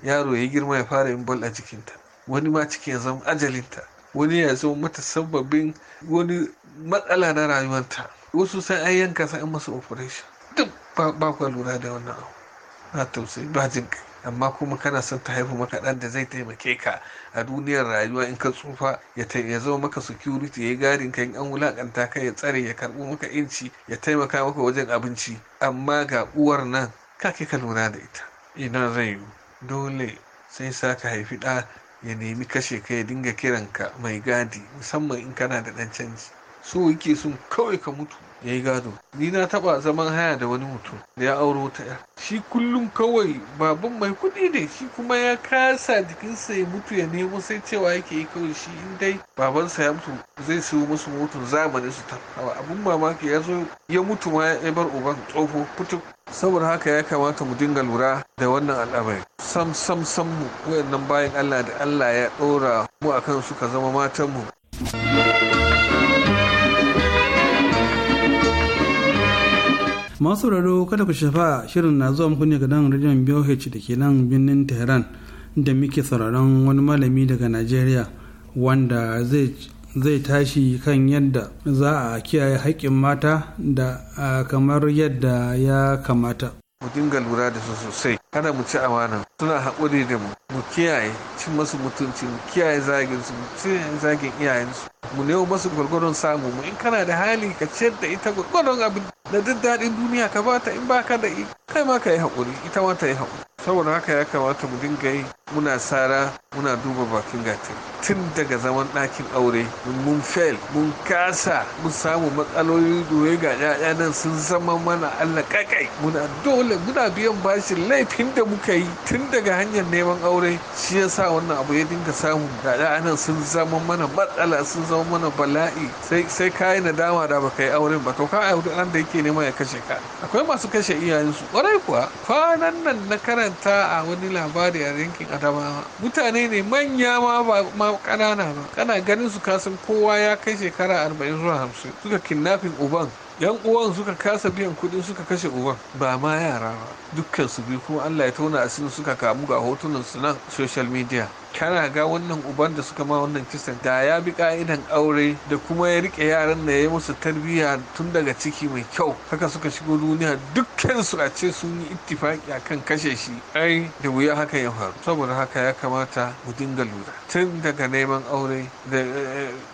yaro ya girma ya fara yin bal a jikinta wani ma ciki ya zama ajalinta wani ya zama mata sababbin wani matsala na rayuwarta wasu sai an yanka sai an masa operation duk ba kwa lura da wannan abu na tausayi ba jin kai amma kuma kana son ta haifa maka ɗan da zai taimake ka a duniyar rayuwa in ka tsufa ya zama maka security ya yi gadin ka in an wulakanta ka ya tsare ya karɓo maka inci ya taimaka maka wajen abinci amma ga uwar nan ka ke ka lura da ita ina zai yi dole sai sa ka haifi ɗa ya nemi kashe ka ya dinga kiran ka mai gadi musamman in kana da ɗan canji so yake sun kawai ka mutu ya yi gado ni na taba zaman haya da wani mutum da ya auro ta yar shi kullum kawai baban mai kuɗi ne shi kuma ya kasa jikinsa ya mutu ya nemo sai cewa yake yi kawai shi in dai babansa ya mutu zai siyo musu motun zamani su ta abun mamaki ya zo ya mutu ma ya bar uban tsoho kutu saboda haka ya kamata mu dinga lura da wannan al'amari sam sam sam mu wayannan bayan Allah da Allah ya ɗora mu akan suka zama matanmu. mu masu raro kada ku shafa shirin na zuwa muku ne ga nan rajon boh da ke nan birnin tehran da muke sauraron wani malami daga najeriya wanda zai tashi kan yadda za a kiyaye haƙƙin mata da kamar yadda ya kamata. mu dinga lura da su sosai kada mu ci amana suna haƙuri da mu mu kiyaye cin masu mutunci mu kiyaye zagin su mu kiyaye zagin iyayensu mu nemo masu gwargwaron samu mu in kana da hali ka ciyar da ita gwargwaron abin da duk duniya ka bata in baka da kai ma ka yi haƙuri ita ma ta yi haƙuri saboda haka ya kamata mu dinga yi muna sara muna duba bakin gatin tun daga zaman ɗakin aure mun fail mun kasa mun samu matsaloli doye ga ƴaƴa nan sun zama mana allah kakai muna dole muna biyan bashin laifin da muka yi tun daga hanyar neman aure shi yasa wannan abu ya dinga samu ga ƴaƴa nan sun zama mana matsala sun zama mana bala'i sai ka yi nadama da baka yi auren ba to ka aure da yake neman ya kashe ka akwai masu kashe iyayensu kwarai kuwa kwanan nan na karanta karanta a wani labari a yankin adamawa mutane ne manya ma ba ma ƙanana ba kana ganin su kasan kowa ya kai shekara arba'in zuwa hamsin suka kidnapping uban yan uwan suka kasa biyan kuɗin suka kashe uban ba ma yara ba dukkan su biyu kuma allah ya tauna asirin suka kamu ga hotunan su nan social media kana ga wannan uban da suka ma wannan kisan da ya bi ka'idan aure da kuma ya rike yaran da ya musu tarbiyya tun daga ciki mai kyau haka suka shigo duniya dukkan su a ce sun yi ittifaki akan kashe shi ai da wuya haka ya faru saboda haka ya kamata mu dinga lura tun daga neman aure da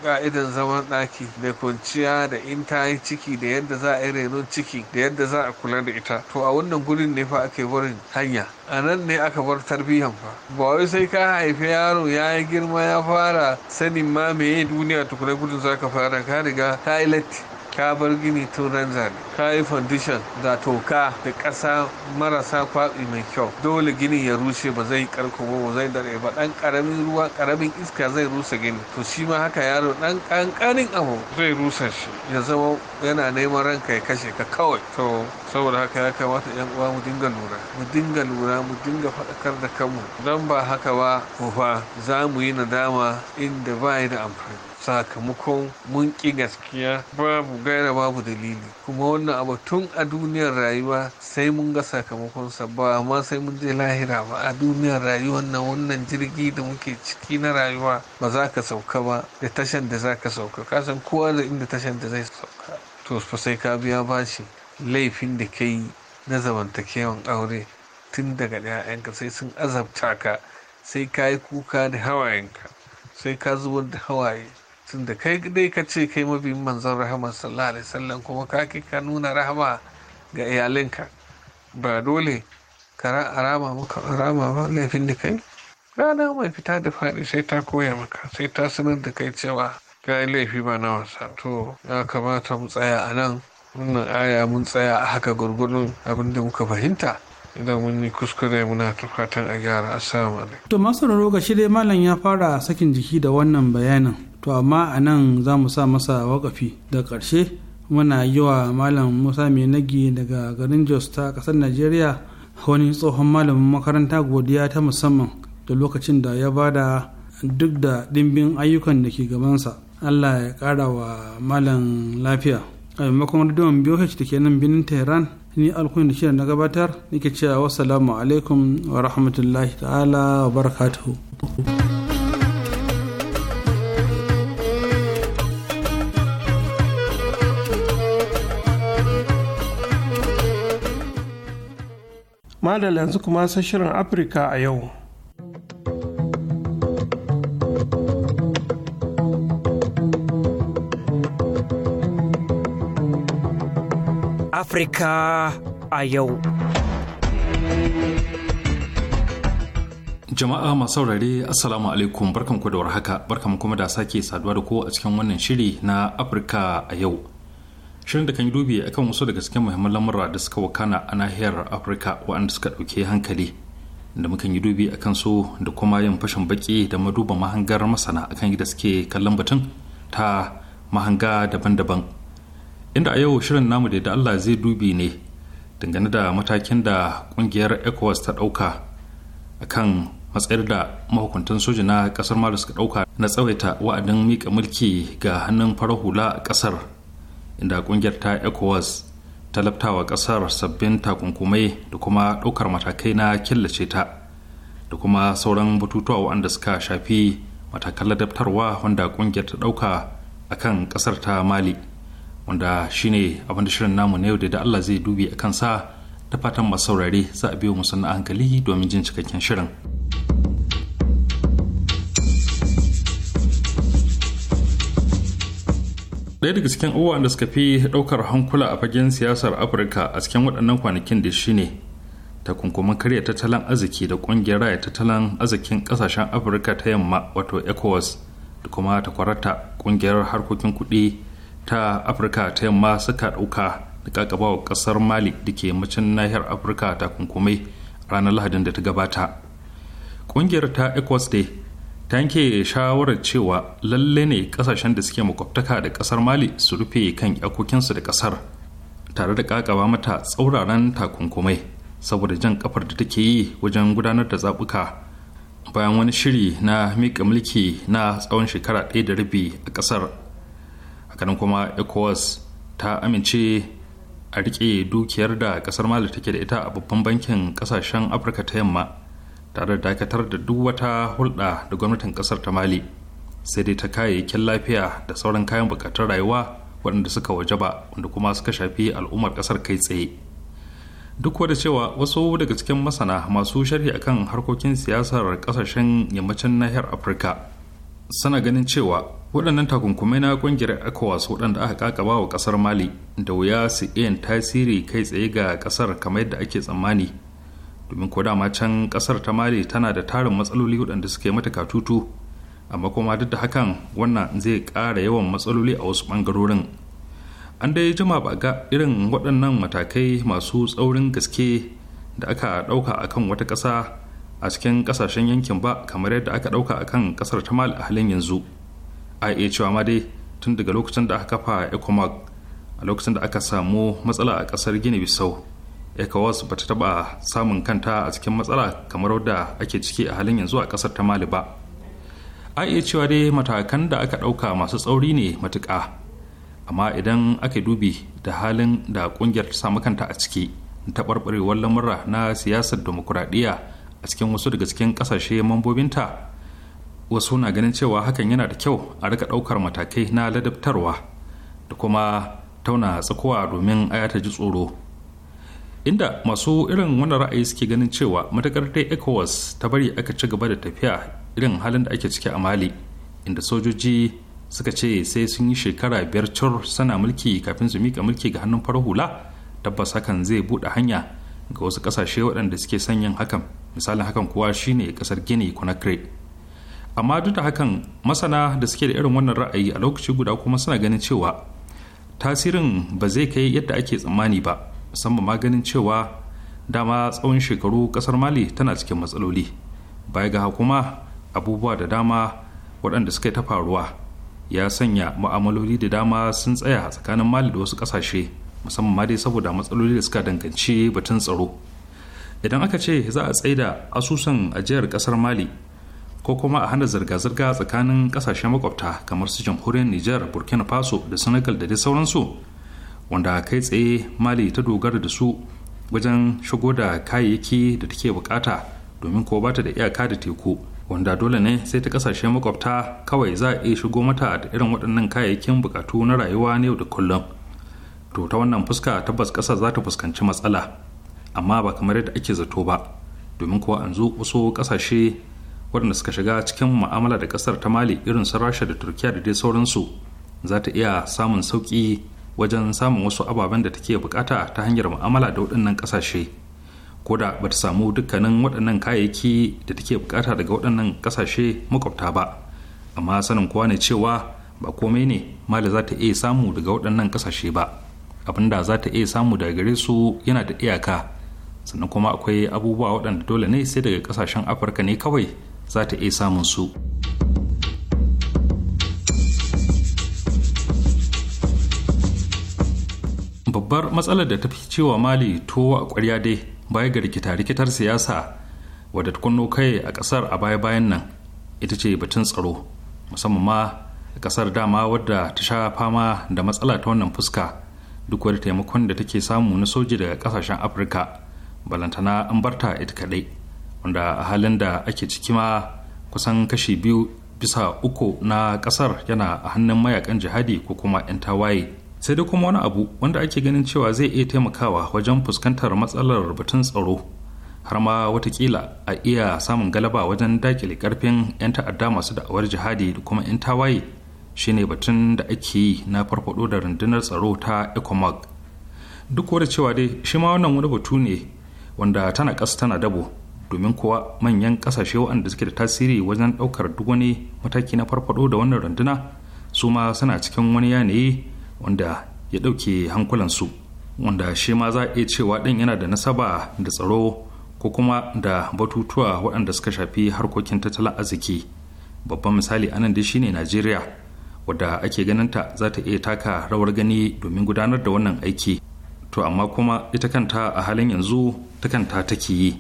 ka'idan eh, zaman ɗaki da kwanciya da in ta yi ciki da yadda za a yi renon ciki da yadda za a kula da ita to a wannan gurin ne fa ake barin hanya a nan ne aka bar tarbiyyan fa ba wai sai ka haifi yaro ya yi girma ya fara sanin ma meye duniya tukuna gudun za ka fara ka riga ka yi latti ka gini tun ran zane ka yi foundation da toka da ƙasa marasa kwaɓi mai kyau dole gini ya rushe ba zai karko ba zai dare ba dan karamin ruwa karamin iska zai rusa gini to shi ma haka yaro dan kankanin abu zai rusa shi ya zama yana neman ranka ya kashe ka kawai to saboda haka ya kamata yan uwa mu dinga lura mu dinga lura mu dinga faɗakar da kanmu dan ba haka ba ko za mu yi nadama inda ba da amfani sakamakon mun ƙi gaskiya babu gaira babu dalili kuma wannan abu tun a duniyar rayuwa sai mun ga sakamakon ba amma sai mun je lahira ba a duniyar rayuwa nan wannan jirgi da muke ciki na rayuwa ba za ka sauka ba da tashan da za ka sauka kasan kowa da inda tashan da zai sauka to fa sai ka biya bashi laifin da ka yi na zamantakewan aure tun daga 'ya'yanka sai sun azabta ka sai ka yi kuka da hawayenka sai ka zubar da hawaye tun da kai dai ka ce kai mafi manzon rahama sallallahu alaihi wasallam kuma ka ki ka nuna rahama ga iyalinka ba dole ka rama maka rama ba laifin da kai rana mai fita da faɗi sai ta koya maka sai ta sanar da kai cewa ka yi laifi ba na wasa to ya kamata mu tsaya a nan wannan aya mun tsaya a haka gurgurun abin da muka fahimta idan mun yi kuskure muna fatan a gyara asama alaikum to masu ga shi dai malam ya fara sakin jiki da wannan bayanin to amma a nan za mu sa masa wakafi da ƙarshe muna yi wa malam musa mai nagi daga garin jos ta ƙasar najeriya wani tsohon malamin makaranta godiya ta musamman da lokacin da ya ba da duk da ɗimbin ayyukan da ke gabansa allah ya ƙara wa malam lafiya a maimakon rediyon boh da ke nan birnin tehran ni alkun da shirin na gabatar nake cewa wasu alaikum wa rahmatullahi ta'ala wa barakatuhu madal yanzu kuma sai shirin afirka a yau afirka a yau jama'a masu saurare assalamu alaikum barkanku da warhaka barkanku kuma da sake saduwa da ku a cikin wannan shiri na afirka a yau shirin da kan yi dubi akan wasu daga cikin muhimman lamura da suka wakana a nahiyar afirka waɗanda suka ɗauke hankali da mukan yi dubi akan su da kuma yin fashin baki da maduba mahangar masana akan yadda suke kallon batun ta mahanga daban-daban inda a yau shirin namu da da allah zai dubi ne dangane da matakin da ƙungiyar ecowas ta ɗauka akan matsayar da mahukuntan soja na kasar malu suka ɗauka na tsawaita wa'adin mika mulki ga hannun farar hula a ƙasar. inda kungiyar ta ecowas ta laftawa kasar sabbin takunkumai da kuma ɗaukar matakai na killace ta da kuma sauran batutuwa waɗanda suka shafi matakan ladabtarwa wanda kungiyar ta ɗauka a kan ƙasar ta mali wanda shine abin da shirin namu na yau da allah zai dubi a kansa da fatan masu saurare za a biyo musanna hankali domin jin cikakken shirin. ɗaya daga cikin uwa da suka fi ɗaukar hankula a fagen siyasar afirka a cikin waɗannan kwanakin da shi shine takunkumin karya tattalin arziki da ƙungiyar raya tattalin arzikin ƙasashen afirka ta yamma wato ecowas da kuma takwarata ƙungiyar harkokin kuɗi ta afirka ta yamma suka ɗauka da ƙaƙabawa ƙasar mali da ke macin nahiyar afirka takunkumai ranar lahadin da ta gabata ƙungiyar ta ecowas dai ta yanke shawarar cewa lalle ne kasashen da suke makwabtaka da kasar mali su rufe kan iyakokinsu da kasar tare da kakaba mata tsauraran takunkumai saboda jan kafar da take yi wajen gudanar da zabuka bayan wani shiri na miƙa mulki na tsawon shekara ɗaya da rabi a ƙasar hakanan kuma ecowas ta amince a riƙe dukiyar da ƙasar mali take da ita a babban bankin ƙasashen afirka ta yamma tare da dakatar da duk wata hulɗa da gwamnatin ƙasar ta mali sai dai ta kayayyakin lafiya da sauran kayan buƙatar rayuwa waɗanda suka waje ba wanda kuma suka shafi al'ummar ƙasar kai tsaye duk da cewa wasu daga cikin masana masu sharhi akan harkokin siyasar ƙasashen yammacin nahiyar afirka suna ganin cewa waɗannan takunkumai na ƙungiyar ecowas waɗanda aka kakaba wa ƙasar mali da wuya su iya tasiri kai tsaye ga ƙasar kamar yadda ake tsammani domin ko dama can kasar ta mali tana da tarin matsaloli waɗanda suke mata tutu amma kuma duk da hakan wannan zai ƙara yawan matsaloli a wasu ɓangarorin an dai jima ba ga irin waɗannan matakai masu tsaurin gaske da aka ɗauka a kan wata ƙasa a cikin ƙasashen yankin ba kamar yadda aka ɗauka a kan ƙasar ta mali a halin yanzu a iya cewa ma dai tun daga lokacin da aka kafa ecomac a lokacin da aka samu matsala a ƙasar gini bisau ecowas ba ta taba samun kanta a cikin matsala kamar wadda ake ciki a halin yanzu a kasar ta mali ba a iya cewa dai matakan da aka ɗauka masu tsauri ne matuka amma idan aka dubi da halin da ƙungiyar ta samu kanta a ciki taɓarɓarewar lamura na siyasar demokuraɗiyya a cikin wasu daga cikin ƙasashe mambobinta wasu na ganin cewa hakan yana da kyau a rika ɗaukar matakai na ladabtarwa da kuma tauna tsakowa domin aya ta ji tsoro inda masu irin wannan ra'ayi suke ganin cewa matakar dai ecowas ta bari aka ci gaba da tafiya irin halin da ake ciki a mali inda sojoji suka ce sai sun yi shekara biyar cur sana mulki kafin su mika mulki ga hannun farar hula tabbas hakan zai buɗe hanya ga wasu ƙasashe waɗanda suke son yin hakan misalin hakan kuwa shine ƙasar gini conakry amma duk da hakan masana da suke da irin wannan ra'ayi a lokaci guda kuma suna ganin cewa tasirin ba zai kai yadda ake tsammani ba musamman maganin cewa dama tsawon shekaru kasar mali tana cikin matsaloli baya ga kuma abubuwa da dama waɗanda suka ta faruwa ya sanya mu'amaloli da dama sun tsaya tsakanin mali da wasu ƙasashe musamman ma dai saboda matsaloli da suka danganci batun tsaro idan aka ce za a tsaida asusun ajiyar ƙasar mali ko kuma a hana zirga-zirga tsakanin ƙasashen makwabta kamar su jamhuriyar niger burkina faso da senegal da dai sauransu wanda kai tsaye mali ta dogara da su wajen shigo da kayayyaki da take bukata domin ko bata da iyaka da teku wanda dole ne sai ta kasashe makwabta kawai za a iya shigo mata da irin waɗannan kayayyakin bukatu na rayuwa na yau da kullum to ta wannan fuska tabbas ƙasa za ta fuskanci matsala amma ba kamar yadda ake zato ba domin kuwa an zo wasu ƙasashe waɗanda suka shiga cikin mu'amala da ƙasar ta mali irin su rasha da turkiya da dai sauransu za ta iya samun sauƙi wajen samun wasu ababen da take bukata ta hanyar mu'amala da waɗannan ƙasashe ko da ba ta samu dukkanin waɗannan kayayyaki da take bukata daga waɗannan ƙasashe makwabta ba amma sanin kowa ne cewa ba komai ne mali za ta iya samu daga waɗannan ƙasashe ba abin da za ta iya samu daga gare su yana da iyaka sannan kuma akwai abubuwa waɗanda dole ne sai daga ƙasashen afirka ne kawai za ta iya samun su. babbar matsalar da ta fi cewa mali towa a kwarya dai baya ga rikita-rikitar siyasa wadda kunno kai a kasar a baya-bayan nan ita ce batun tsaro musamman ma a kasar dama wadda ta sha fama da matsala ta wannan fuska duk wani taimakon da take samu na soji daga kasashen afirka balantana an barta ita kadai wanda a halin da ake ciki ma kusan kashi biyu bisa uku na kasar yana a hannun mayakan jihadi ko kuma 'yan tawaye sai dai kuma wani abu wanda ake ganin cewa zai iya taimakawa wajen fuskantar matsalar rubutun tsaro har ma watakila a iya samun galaba wajen dakile karfin 'yan ta'adda masu da'awar jihadi da kuma 'yan tawaye shine batun da ake yi na farfado da rundunar tsaro ta ecomog duk da cewa dai shi ma wannan wani batu ne wanda tana ƙasa tana dabo domin kuwa manyan ƙasashe waɗanda suke da tasiri wajen ɗaukar duk wani mataki na farfado da wannan runduna su ma suna cikin wani yanayi wanda ya ɗauke hankulansu wanda shi ma za a iya cewa ɗin yana da nasaba da tsaro ko kuma da batutuwa waɗanda suka shafi harkokin tattalin arziki babban misali anan dai shine najeriya wadda ake ganinta za ta iya taka rawar gani domin gudanar da wannan aiki to amma kuma ita kanta a halin yanzu ta kanta take yi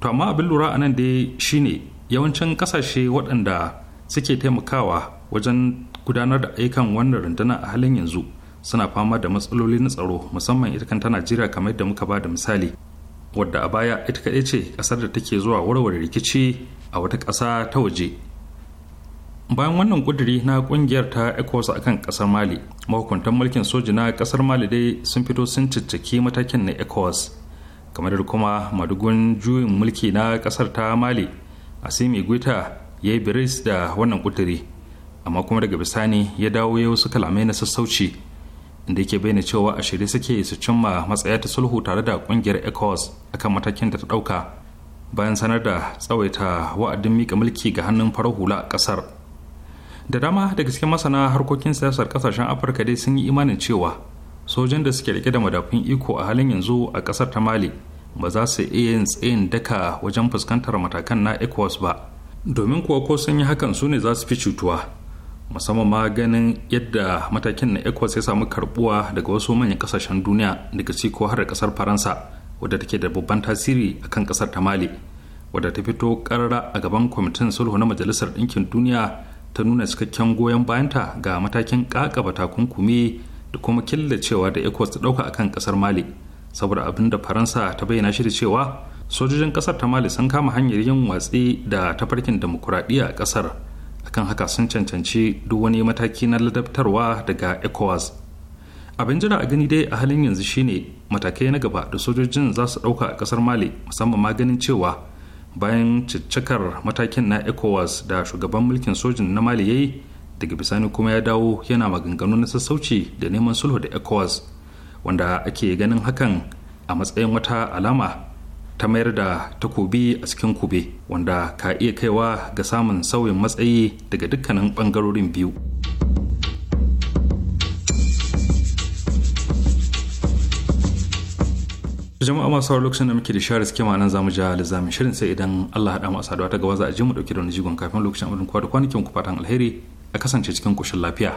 to amma abin lura anan dai shine yawancin kasashe waɗanda suke taimakawa wajen gudanar da ayyukan wannan rundunar a halin yanzu suna fama da matsaloli na tsaro musamman ita kanta najeriya kamar yadda muka ba da misali wadda a baya ita kaɗai ce ƙasar da take zuwa warware rikici a wata ƙasa ta waje bayan wannan ƙuduri na ƙungiyar ta ecowas akan ƙasar mali mahukuntan mulkin soji na ƙasar mali dai sun fito sun cicciki matakin na ecowas kamar da kuma madugun juyin mulki na ƙasar ta mali asimi guita ya yi biris da wannan ƙuduri amma kuma daga bisani ya dawo ya wasu kalamai na sassauci inda yake bayyana cewa a shirye suke su cimma matsaya ta sulhu tare da kungiyar ecowas akan matakin da ta dauka bayan sanar da tsawaita wa'adin mika mulki ga hannun farar hula a kasar da dama daga cikin masana harkokin siyasar kasashen afirka dai sun yi imanin cewa sojan da suke rike da madafun iko a halin yanzu a kasar ta mali ba za su iya yin tsayin daka wajen fuskantar matakan na ecowas ba domin kuwa ko sun yi hakan su ne za su fi cutuwa musamman ma ganin yadda matakin na ecowas ya samu karbuwa daga wasu manyan kasashen duniya daga ciko har da kasar faransa wadda take da babban tasiri a kan kasar ta mali wadda ta fito karara a gaban kwamitin sulhu na majalisar ɗinkin duniya ta nuna cikakken goyon bayanta ga matakin kakaba takunkumi da kuma killacewa da ecowas ta ɗauka akan kasar mali saboda abin da faransa ta bayyana shi da cewa sojojin kasar ta mali sun kama hanyar yin watsi da tafarkin demokuraɗiyya a kasar kan haka sun cancanci duk wani mataki na ladabtarwa daga ecowas abin jira a gani dai a halin yanzu shine matakai na gaba da sojojin za su ɗauka a ƙasar mali musamman maganin cewa bayan ciccikar matakin na ecowas da shugaban mulkin sojin na mali ya yi daga bisani kuma ya dawo yana maganganu na sassauci da neman sulhu da ecowas wanda ake ganin hakan a matsayin wata alama ta mayar da takobi a cikin kube wanda ka iya kaiwa ga samun sauyin matsayi daga dukkanin bangarorin biyu jama'a masu sauran lokacin da muke da share suke za zamu ja lizamin shirin sai idan Allah haɗa masu saduwa ta gaba za a ji mu ɗauki da wani jigon kafin lokacin abin kwa da kwanakin ku fatan alheri a kasance cikin koshin lafiya.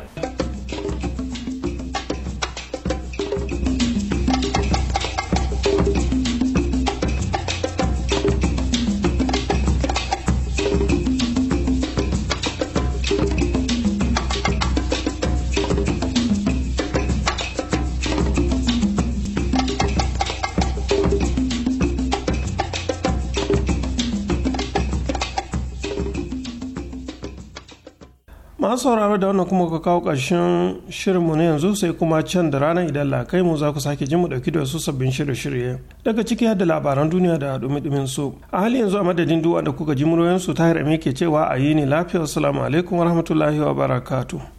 da wannan kuma ka kawo ƙarshen shirinmu na yanzu sai kuma can da rana idan lakai mu za ku sake jin mu ɗauki da wasu sabbin shirye-shirye daga ciki da labaran duniya da dumi-dumin su a hali yanzu a madadin duwa da kuka ji muryoyin su tahir ke cewa a yi ne lafiya assalamu alaikum warahmatullahi wabarakatuh